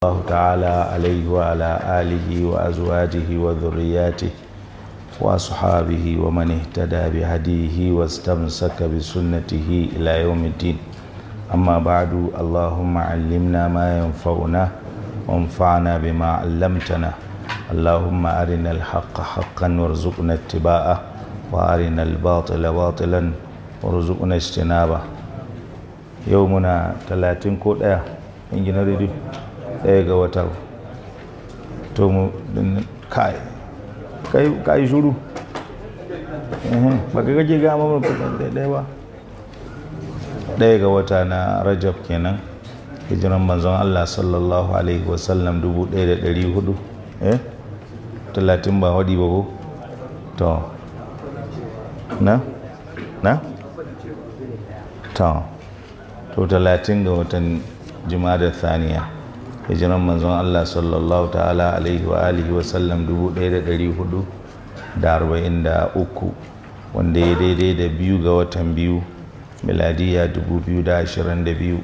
الله تعالى عليه وعلى آله وأزواجه وذرياته وأصحابه ومن اهتدى بهديه واستمسك بسنته إلى يوم الدين أما بعد اللهم علمنا ما ينفعنا وانفعنا بما علمتنا اللهم أرنا الحق حقا وارزقنا اتباعه وأرنا الباطل باطلا وارزقنا اجتنابه يومنا 30 كود انجينا ريديو ɗaya ga wata to mu kai kai kai shuru ba ka gaje gama mamar kudin ɗaya ba ɗaya ga wata na rajab kenan hijiran manzon Allah sallallahu alaihi wasallam dubu ɗaya da ɗari hudu eh talatin ba waɗi ba ko to na na to to talatin ga watan jima'a da saniya hijiran manzon Allah sallallahu ta'ala alaihi wa alihi wa sallam 1443 wanda ya daidai da biyu ga watan biyu miladiya biyu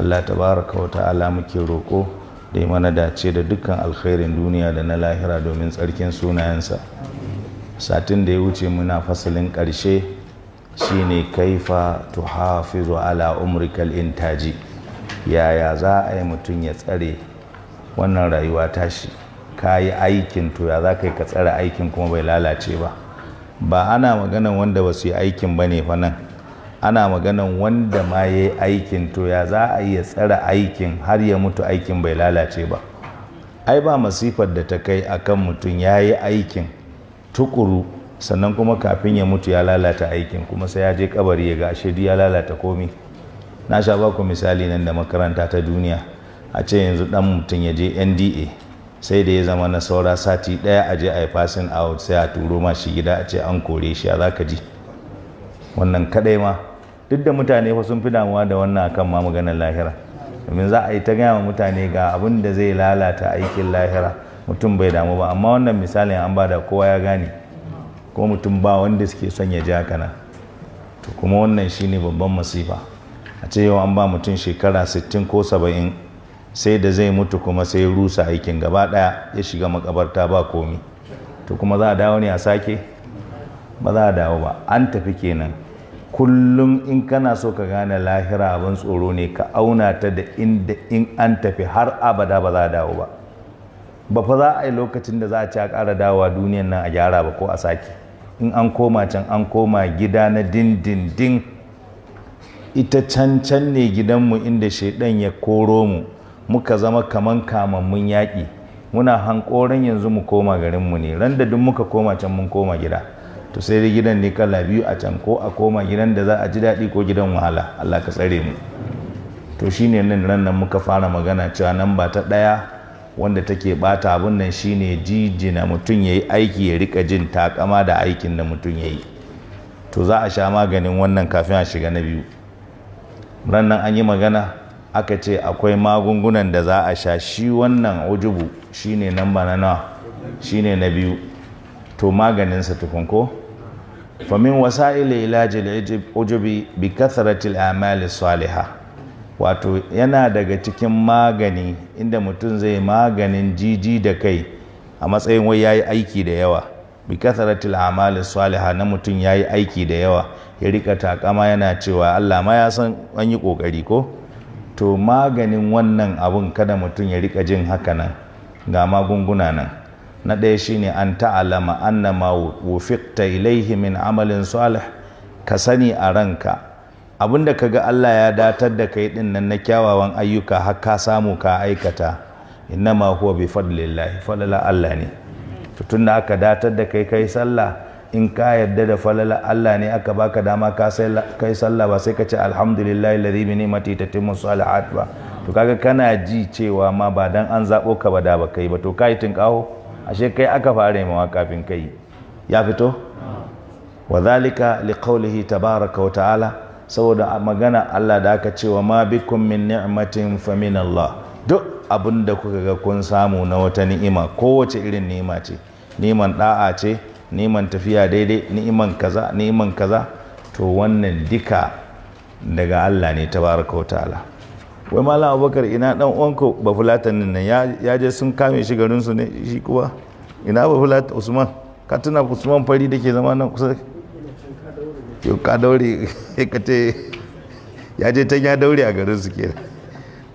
Allah tabaraka wa ta'ala muke roƙo da mana dace da dukkan alkhairin duniya da na lahira domin tsarkin sunayensa satin da ya wuce muna fasalin ƙarshe shine kaifa tuhafizu ala umrikal intaji yaya za a yi mutum ya tsare wannan rayuwa tashi ka yi aikin to ya za ka yi ka tsare aikin kuma bai lalace ba ba ana maganan wanda ba su yi aikin ba ne fa nan ana maganan wanda ma ya yi aikin to ya za a yi ya tsare aikin har ya mutu aikin bai lalace ba ai ba masifar da ta kai akan mutum ya yi aikin tukuru sannan kuma kafin ya mutu ya lalata aikin kuma sai ya je kabari ya ga ashe ya lalata komi na sha baku misali nan da makaranta ta duniya a ce yanzu dan mutum ya je nda sai da ya zama na saura sati daya a je a yi passing out sai a turo ma shi gida a ce an kore shi a zaka ji wannan kadai ma duk da mutane fa sun fi damuwa da wannan kan ma maganar lahira domin za a yi ta gaya wa mutane ga abin da zai lalata aikin lahira mutum bai damu ba amma wannan misalin an bada kowa ya gane ko mutum ba wanda suke son ya ja kana to kuma wannan shine babban masifa a ce yau an ba mutum shekara 60 ko 70 sai da zai mutu kuma sai rusa aikin gaba daya ya shiga makabarta ba komi to kuma za a dawo ne a sake ba za a dawo ba an tafi kenan kullum in kana so ka gane lahira abin tsoro ne ka auna ta da inda in an tafi har abada ba za a dawo ba ba fa za a yi lokacin da za a ci a kara dawowa duniyan nan a gyara ba ko a sake in an koma can an koma gida na dindindin ita can can ne gidanmu inda shaidan ya koro mu muka zama kaman kamammun yaƙi muna hankoran yanzu mu koma garinmu ne randa da duk muka koma can mun koma gida to sai dai gidan ne kala biyu a can ko a koma gidan da za a ji daɗi ko gidan wahala Allah ka tsare mu to shine nan ran muka fara magana cewa nan ba ta ɗaya wanda take bata abun nan shine jijina mutum yayi aiki ya rika jin takama da aikin da mutum yayi to za a sha maganin wannan kafin a shiga na biyu rannan an yi magana aka ce akwai magungunan da za a sha shi wannan ujubu shine nan ba shi shine na biyu to maganinsa tukun ko famin wasa'il ilajil ujubi bi kasaratil amali saliha wato yana daga cikin magani inda mutum zai maganin jiji da kai a matsayin wai ya yi aiki da yawa bi kasaratil amali salihah na mutum yayi aiki da yawa ya rika takama yana cewa Allah ma ya san an yi kokari ko to maganin wannan abun kada mutum ya rika jin haka nan ga magunguna nan na ɗaya shine an ta'alama annama wufiqta ilaihi min amalin salih ka sani a ranka ka ga Allah ya datar da kai din nan na kyawawan ayyuka har ka samu ka aikata innama huwa bi fadlillah fadlan Allah ne tun da aka datar da kai kai sallah in ka yarda da falala Allah ne aka baka dama ka kai sallah ba sai ka ce alhamdulillah alladhi bi ni'mati tatimmu salihat ba to kaga kana ji cewa ma ba dan an zabo ka ba da ba kai ba to kai kawo? ashe kai aka fara mawa kafin kai ya fito wa li liqawlihi tabaraka wa ta'ala saboda magana Allah da aka cewa ma bikum min ni'matin fa min Allah duk abin da kuka ga kun samu na wata ni'ima kowace irin ni'ima ce niman da'a ce niman tafiya daidai niman kaza niman kaza to wannan duka daga Allah ne tabaraka wa ta'ala wai malam abubakar ina dan uwanku ba nan ya je sun kame shi garin su ne shi kuwa ina ba usman ka tuna usman fari da ke zama nan kusa yau ka daure ka ya je can ya daure a garin su kenan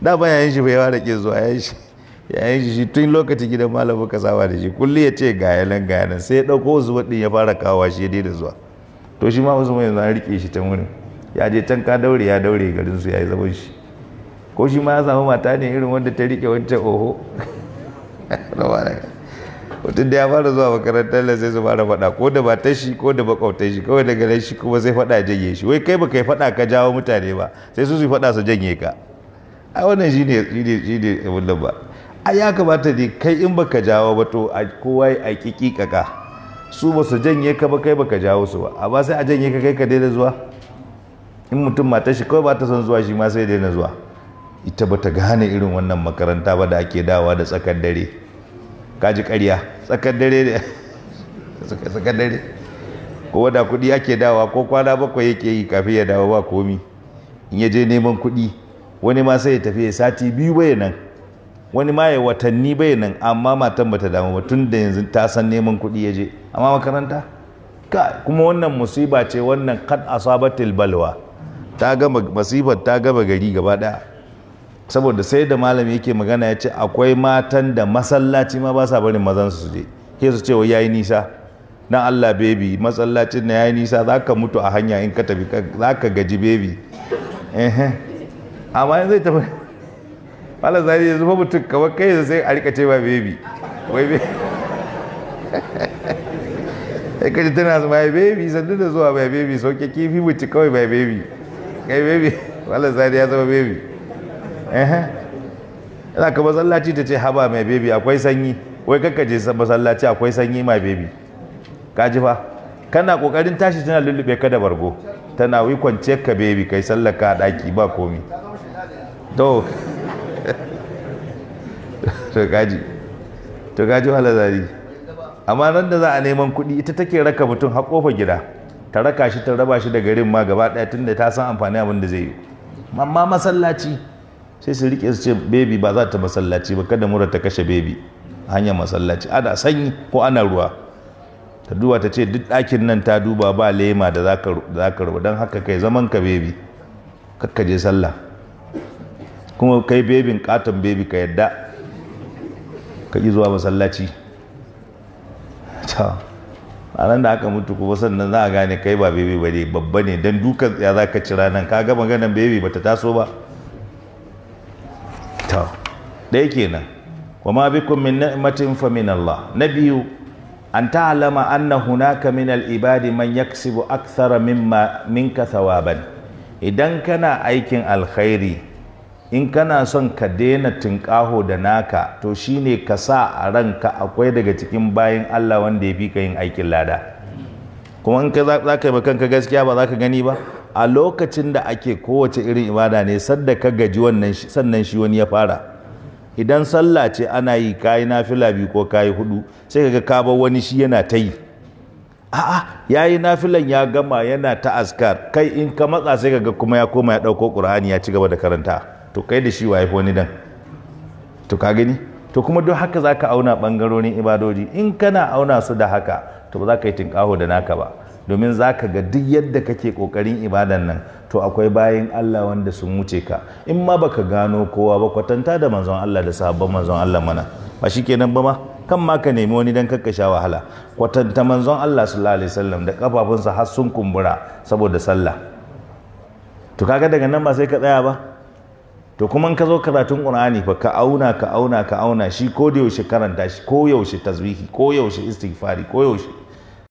da ba shi bai ware da ke zuwa yayin shi yayin shi shi tun lokacin gidan malam muka saba da shi kulli ya ce ga nan ga nan sai ya dauko zuwa din ya fara kawo shi dai da zuwa to shi ma musu mai zan rike shi ta wurin ya je can ka daure ya daure garin su yayi zaman shi ko shi ma ya samu mata ne irin wanda ta rike wancan oho mutum da ya fara zuwa makarantar da sai su fara faɗa ko da ba ta shi ko da bakwautar shi kawai daga nan shi kuma sai faɗa janye shi wai kai ba kai faɗa ka jawo mutane ba sai su su faɗa su janye ka a wannan shi ne shine abin ba a ya kamata dai kai in baka jawo ba to a kowa a kikikaka su ba su janye ka ba kai baka jawo su ba ba sai a janye ka kai ka daina zuwa in mutum mata shi kawai ba ta son zuwa shi ma sai daina zuwa ita ba ta gane irin wannan makaranta ba da ake dawa da tsakar dare Ka ji karya tsakar dare ne tsakar dare ko da kuɗi ake dawa ko kwana bakwai yake yi kafin ya dawo ba komi in ya je neman kuɗi wani ma sai ya tafi ya sati biyu bai nan wani ma ya watanni bai nan amma matan bata damu ba tun da yanzu ta san neman kuɗi ya je amma makaranta kuma wannan musiba ce wannan kad asabatil balwa ta gama masifar ta gama gari gaba daya saboda sai da malami yake magana ya ce akwai matan da masallaci ma ba sa barin mazan su je ke su ce yayi nisa Na Allah bebi masallacin na yayi nisa zaka mutu a hanya in ka tafi zaka gaji bebi eh amma zai tafi malam zari yanzu zuba mutum kawai kai sai a rika cewa baby wai be sai kaji tana su my baby sannu da zuwa my baby sauke kifi mutum kawai my baby kai baby malam zari ya zama baby yana ka masallaci ta ce haba my baby akwai sanyi wai je masallaci akwai sanyi my baby ka ji fa kana kokarin tashi tana lullube ka da bargo tana wikon kwance ka baby kai sallaka a daki ba komi to to kaji to wala zari amma nan da za a neman kuɗi ita take raka mutum har kofa gida ta raka shi ta raba shi da garin ma gaba ɗaya tunda ta san amfani abin da zai yi amma masallaci sai su rike su ce bebi ba za ta masallaci ba kada mura ta kashe bebi hanyar masallaci ana sanyi ko ana ruwa ta duba ta ce duk ɗakin nan ta duba ba lema da za ka ruwa don haka kai zaman ka bebi kakka je sallah kuma kai bebin katon bebi ka yadda ka zuwa masallaci ta nan da aka mutu kuma sannan za a gane kai ba bebe ba ne babba ne don dukan ya za ka cira nan ka ga maganan bebe ba ta taso ba ta ɗaya kenan wa ma bikum min ni'matin fa min Allah na biyu an ta'lama anna hunaka min al-ibadi man yaksibu akthara mimma minka thawaban idan kana aikin alkhairi in kana son ka daina tunƙaho da naka to shine ka sa a ranka akwai daga cikin bayan Allah wanda ya fi ka yin aikin lada kuma in ka za ka yi kanka gaskiya ba za ka gani ba a lokacin da ake kowace irin ibada ne sadda ka gaji wannan sannan shi wani ya fara idan sallah ce ana yi kayi nafila biyu ko kayi hudu sai ka ga ka bar wani shi yana ta yi a'a yayi nafilan ya gama yana ta askar kai in ka matsa sai ka ga kuma ya koma ya dauko qur'ani ya ci gaba da karanta to kai da shi waye wani dan to ka gani to kuma duk haka za ka auna bangarorin ibadoji in kana auna su da haka to ba za ka yi tinƙaho da naka ba domin za ka ga duk yadda kake kokarin ibadan nan to akwai bayan Allah wanda sun wuce ka in ma baka gano kowa ba kwatanta da manzon Allah da sahabban manzon Allah mana ba shikenan ba ma kan ma ka nemi wani dan kakka wahala kwatanta manzon Allah sallallahu alaihi wasallam da kafafunsa har sun kumbura saboda sallah to kaga daga nan ba sai ka tsaya ba to kuma ka zo karatun qur'ani ba ka auna ka auna ka auna shi ko da yaushe karanta shi ko yaushe tasbihi ko yaushe istighfari ko yaushe